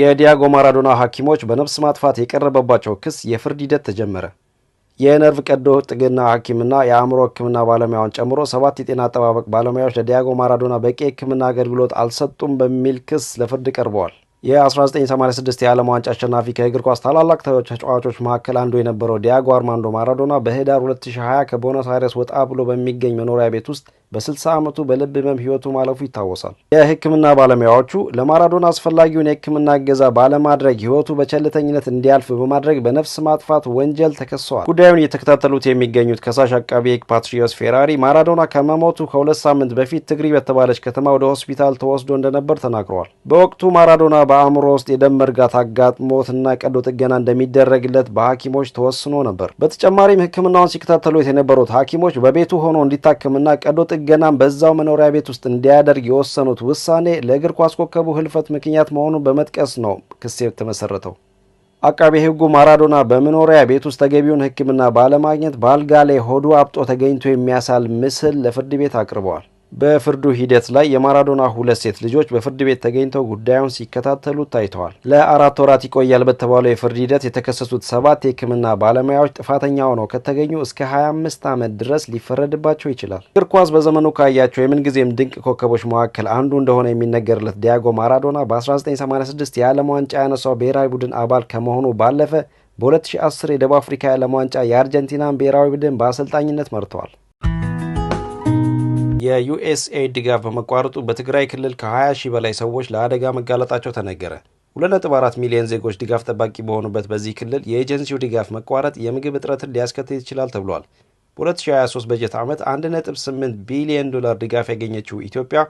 የዲያጎ ማራዶና ሐኪሞች በነፍስ ማጥፋት የቀረበባቸው ክስ የፍርድ ሂደት ተጀመረ። የነርቭ ቀዶ ጥገና ሐኪምና የአእምሮ ሕክምና ባለሙያውን ጨምሮ ሰባት የጤና አጠባበቅ ባለሙያዎች ለዲያጎ ማራዶና በቂ የሕክምና አገልግሎት አልሰጡም በሚል ክስ ለፍርድ ቀርበዋል። የ1986 የዓለም ዋንጫ አሸናፊ ከእግር ኳስ ታላላቅ ተጫዋቾች መካከል አንዱ የነበረው ዲያጎ አርማንዶ ማራዶና በህዳር 2020 ከቦነስ አይረስ ወጣ ብሎ በሚገኝ መኖሪያ ቤት ውስጥ በ60 ዓመቱ በልብ ህመም ህይወቱ ማለፉ ይታወሳል። የህክምና ባለሙያዎቹ ለማራዶና አስፈላጊውን የህክምና እገዛ ባለማድረግ ህይወቱ በቸልተኝነት እንዲያልፍ በማድረግ በነፍስ ማጥፋት ወንጀል ተከሰዋል። ጉዳዩን እየተከታተሉት የሚገኙት ከሳሽ አቃቢ ህግ ፓትሪዮስ ፌራሪ ማራዶና ከመሞቱ ከሁለት ሳምንት በፊት ትግሪ በተባለች ከተማ ወደ ሆስፒታል ተወስዶ እንደነበር ተናግረዋል። በወቅቱ ማራዶና በአእምሮ ውስጥ የደም መርጋት አጋጥሞትና ቀዶ ጥገና እንደሚደረግለት በሐኪሞች ተወስኖ ነበር። በተጨማሪም ህክምናውን ሲከታተሉት የነበሩት ሐኪሞች በቤቱ ሆኖ እንዲታክምና ቀዶ እንደገናም በዛው መኖሪያ ቤት ውስጥ እንዲያደርግ የወሰኑት ውሳኔ ለእግር ኳስ ኮከቡ ህልፈት ምክንያት መሆኑን በመጥቀስ ነው ክስ የተመሰረተው። አቃቤ ህጉ ማራዶና በመኖሪያ ቤት ውስጥ ተገቢውን ሕክምና ባለማግኘት በአልጋ ላይ ሆዱ አብጦ ተገኝቶ የሚያሳል ምስል ለፍርድ ቤት አቅርበዋል። በፍርዱ ሂደት ላይ የማራዶና ሁለት ሴት ልጆች በፍርድ ቤት ተገኝተው ጉዳዩን ሲከታተሉ ታይተዋል። ለአራት ወራት ይቆያል በተባለው የፍርድ ሂደት የተከሰሱት ሰባት የሕክምና ባለሙያዎች ጥፋተኛ ሆነው ከተገኙ እስከ 25 ዓመት ድረስ ሊፈረድባቸው ይችላል። እግር ኳስ በዘመኑ ካያቸው የምንጊዜም ድንቅ ኮከቦች መካከል አንዱ እንደሆነ የሚነገርለት ዲያጎ ማራዶና በ1986 የዓለም ዋንጫ ያነሳው ብሔራዊ ቡድን አባል ከመሆኑ ባለፈ በ2010 የደቡብ አፍሪካ የዓለም ዋንጫ የአርጀንቲናን ብሔራዊ ቡድን በአሰልጣኝነት መርተዋል። የዩኤስኤድ ድጋፍ በመቋረጡ በትግራይ ክልል ከ20 ሺህ በላይ ሰዎች ለአደጋ መጋለጣቸው ተነገረ። 2.4 ሚሊዮን ዜጎች ድጋፍ ጠባቂ በሆኑበት በዚህ ክልል የኤጀንሲው ድጋፍ መቋረጥ የምግብ እጥረትን ሊያስከትል ይችላል ተብሏል። በ2023 በጀት ዓመት 1.8 ቢሊዮን ዶላር ድጋፍ ያገኘችው ኢትዮጵያ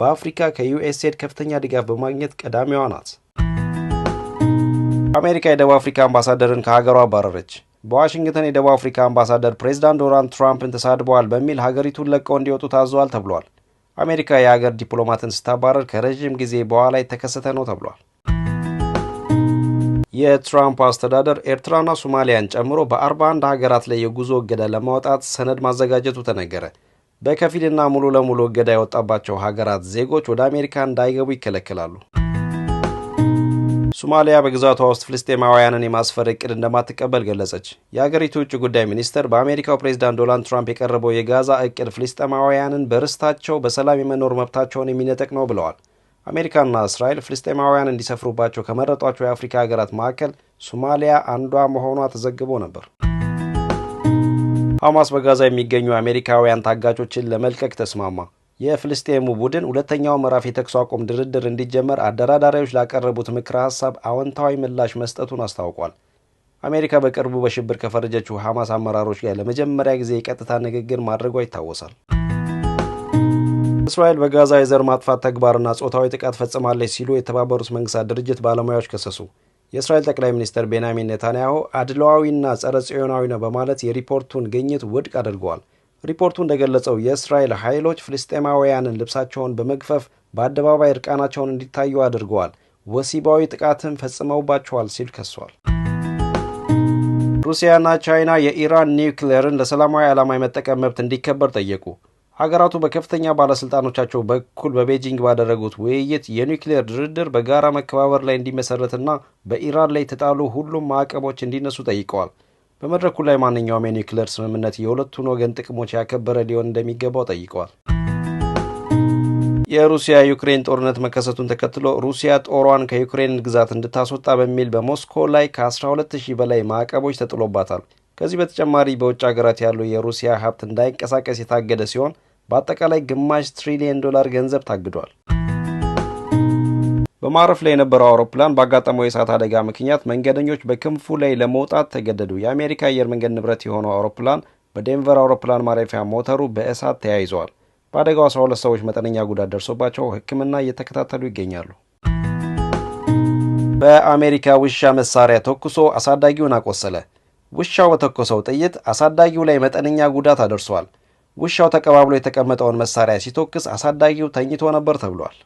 በአፍሪካ ከዩኤስኤድ ከፍተኛ ድጋፍ በማግኘት ቀዳሚዋ ናት። አሜሪካ የደቡብ አፍሪካ አምባሳደርን ከሀገሯ አባረረች። በዋሽንግተን የደቡብ አፍሪካ አምባሳደር ፕሬዚዳንት ዶናልድ ትራምፕን ተሳድበዋል በሚል ሀገሪቱን ለቀው እንዲወጡ ታዘዋል ተብሏል። አሜሪካ የሀገር ዲፕሎማትን ስታባረር ከረዥም ጊዜ በኋላ የተከሰተ ነው ተብሏል። የትራምፕ አስተዳደር ኤርትራና ሶማሊያን ጨምሮ በ41 ሀገራት ላይ የጉዞ እገዳ ለማውጣት ሰነድ ማዘጋጀቱ ተነገረ። በከፊልና ሙሉ ለሙሉ እገዳ የወጣባቸው ሀገራት ዜጎች ወደ አሜሪካ እንዳይገቡ ይከለክላሉ። ሶማሊያ በግዛቷ ውስጥ ፍልስጤማውያንን የማስፈር እቅድ እንደማትቀበል ገለጸች። የአገሪቱ ውጭ ጉዳይ ሚኒስትር በአሜሪካው ፕሬዚዳንት ዶናልድ ትራምፕ የቀረበው የጋዛ እቅድ ፍልስጤማውያንን በርስታቸው በሰላም የመኖር መብታቸውን የሚነጠቅ ነው ብለዋል። አሜሪካና እስራኤል ፍልስጤማውያን እንዲሰፍሩባቸው ከመረጧቸው የአፍሪካ ሀገራት መካከል ሶማሊያ አንዷ መሆኗ ተዘግቦ ነበር። ሐማስ በጋዛ የሚገኙ አሜሪካውያን ታጋቾችን ለመልቀቅ ተስማማ። የፍልስጤሙ ቡድን ሁለተኛው ምዕራፍ የተኩስ አቁም ድርድር እንዲጀመር አደራዳሪዎች ላቀረቡት ምክረ ሀሳብ አዎንታዊ ምላሽ መስጠቱን አስታውቋል። አሜሪካ በቅርቡ በሽብር ከፈረጀችው ሐማስ አመራሮች ጋር ለመጀመሪያ ጊዜ የቀጥታ ንግግር ማድረጓ ይታወሳል። እስራኤል በጋዛ የዘር ማጥፋት ተግባርና ጾታዊ ጥቃት ፈጽማለች ሲሉ የተባበሩት መንግስታት ድርጅት ባለሙያዎች ከሰሱ። የእስራኤል ጠቅላይ ሚኒስትር ቤንያሚን ኔታንያሁ አድሏዊና ጸረ ጽዮናዊ ነው በማለት የሪፖርቱን ግኝት ውድቅ አድርገዋል። ሪፖርቱ እንደገለጸው የእስራኤል ኃይሎች ፍልስጤማውያንን ልብሳቸውን በመግፈፍ በአደባባይ እርቃናቸውን እንዲታዩ አድርገዋል፣ ወሲባዊ ጥቃትም ፈጽመውባቸዋል ሲል ከሷል። ሩሲያና ቻይና የኢራን ኒውክሌርን ለሰላማዊ ዓላማ የመጠቀም መብት እንዲከበር ጠየቁ። ሀገራቱ በከፍተኛ ባለሥልጣኖቻቸው በኩል በቤጂንግ ባደረጉት ውይይት የኒውክሌር ድርድር በጋራ መከባበር ላይ እንዲመሠረትና በኢራን ላይ የተጣሉ ሁሉም ማዕቀቦች እንዲነሱ ጠይቀዋል። በመድረኩ ላይ ማንኛውም የኒውክሌር ስምምነት የሁለቱን ወገን ጥቅሞች ያከበረ ሊሆን እንደሚገባው ጠይቀዋል። የሩሲያ ዩክሬን ጦርነት መከሰቱን ተከትሎ ሩሲያ ጦሯን ከዩክሬን ግዛት እንድታስወጣ በሚል በሞስኮ ላይ ከ12000 በላይ ማዕቀቦች ተጥሎባታል። ከዚህ በተጨማሪ በውጭ ሀገራት ያሉ የሩሲያ ሀብት እንዳይንቀሳቀስ የታገደ ሲሆን በአጠቃላይ ግማሽ ትሪሊየን ዶላር ገንዘብ ታግዷል። በማረፍ ላይ የነበረው አውሮፕላን ባጋጠመው የእሳት አደጋ ምክንያት መንገደኞች በክንፉ ላይ ለመውጣት ተገደዱ። የአሜሪካ አየር መንገድ ንብረት የሆነው አውሮፕላን በዴንቨር አውሮፕላን ማረፊያ ሞተሩ በእሳት ተያይዘዋል። በአደጋው 12 ሰዎች መጠነኛ ጉዳት ደርሶባቸው ሕክምና እየተከታተሉ ይገኛሉ። በአሜሪካ ውሻ መሳሪያ ተኩሶ አሳዳጊውን አቆሰለ። ውሻው በተኮሰው ጥይት አሳዳጊው ላይ መጠነኛ ጉዳት አደርሷል። ውሻው ተቀባብሎ የተቀመጠውን መሳሪያ ሲተኩስ አሳዳጊው ተኝቶ ነበር ተብሏል።